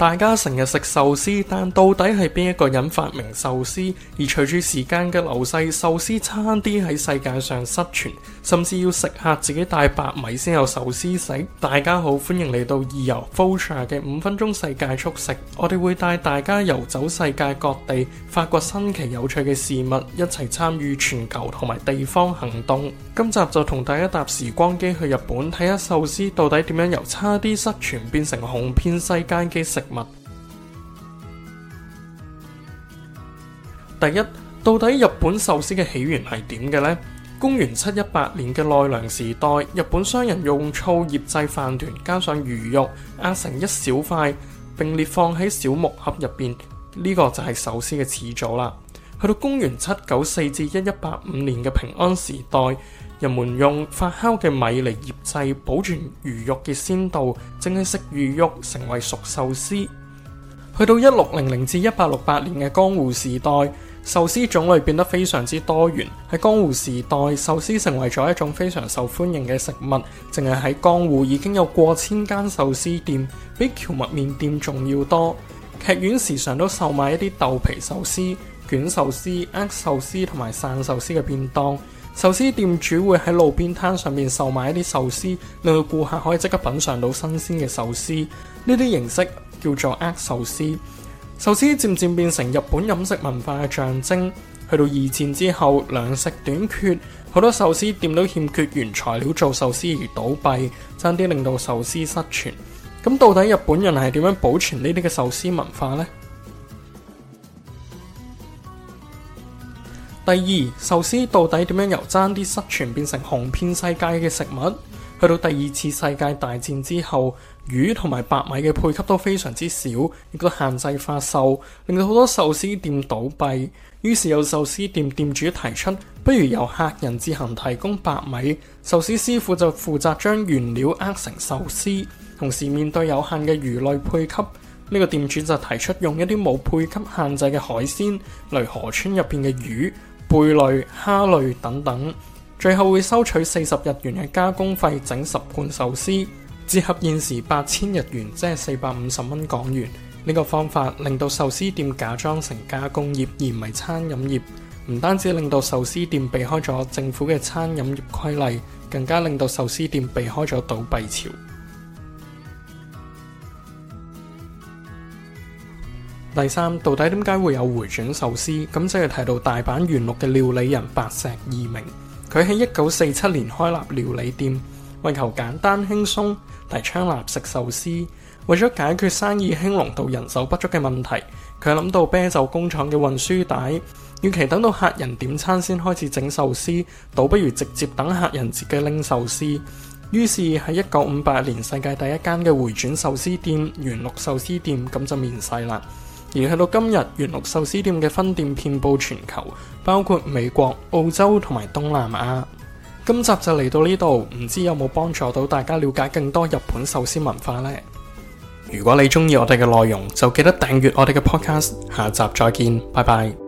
大家成日食壽司，但到底係邊一個人發明壽司？而隨住時間嘅流逝，壽司差啲喺世界上失傳，甚至要食客自己帶白米先有壽司食。大家好，歡迎嚟到義遊 VolTrahk 嘅五分鐘世界速食。我哋會帶大家遊走世界各地，發掘新奇有趣嘅事物，一齊參與全球同埋地方行動。今集就同大家搭時光機去日本，睇下壽司到底點樣由差啲失傳變成紅遍世界嘅食物第一，到底日本壽司嘅起源係點嘅呢？公元七一八年嘅奈良時代，日本商人用醋醃製飯團，加上魚肉壓成一小塊，並列放喺小木盒入邊，呢、這個就係壽司嘅始祖啦。去到公元七九四至一一八五年嘅平安時代，人們用發酵嘅米嚟醃製保存魚肉嘅鮮度，正係食魚肉成為熟壽司。去到一六零零至一八六八年嘅江戶時代，壽司種類變得非常之多元。喺江戶時代，壽司成為咗一種非常受歡迎嘅食物。淨係喺江戶已經有過千間壽司店，比蕎麥麵店仲要多。劇院時常都售賣一啲豆皮壽司。卷壽司、握壽司同埋散壽司嘅便當，壽司店主會喺路邊攤上面售賣一啲壽司，令到顧客可以即刻品嚐到新鮮嘅壽司。呢啲形式叫做握壽司。壽司漸漸變成日本飲食文化嘅象徵。去到二戰之後，糧食短缺，好多壽司店都欠缺原材料做壽司而倒閉，差啲令到壽司失傳。咁到底日本人係點樣保存呢啲嘅壽司文化呢？第二，壽司到底點樣由爭啲失傳變成紅遍世界嘅食物？去到第二次世界大戰之後，魚同埋白米嘅配給都非常之少，亦都限制發售，令到好多壽司店倒閉。於是有壽司店店主提出，不如由客人自行提供白米，壽司師傅就負責將原料握成壽司。同時面對有限嘅魚類配給，呢個店主就提出用一啲冇配給限制嘅海鮮，例如河川入邊嘅魚。貝類、蝦類等等，最後會收取四十日元嘅加工費整十罐壽司，折合現時八千日元，即係四百五十蚊港元。呢、這個方法令到壽司店假裝成加工業而唔係餐飲業，唔單止令到壽司店避開咗政府嘅餐飲業規例，更加令到壽司店避開咗倒閉潮。第三，到底點解會有回轉壽司？咁即係提到大阪元綠嘅料理人白石義明，佢喺一九四七年開立料理店，為求簡單輕鬆，提倡立食壽司。為咗解決生意興隆到人手不足嘅問題，佢諗到啤酒工廠嘅運輸帶，與其等到客人點餐先開始整壽司，倒不如直接等客人自己拎壽司。於是喺一九五八年，世界第一間嘅回轉壽司店元綠壽司店咁就面世啦。而去到今日，元祿壽司店嘅分店遍佈全球，包括美國、澳洲同埋東南亞。今集就嚟到呢度，唔知有冇幫助到大家了解更多日本壽司文化呢？如果你中意我哋嘅內容，就記得訂閱我哋嘅 podcast。下集再見，拜拜。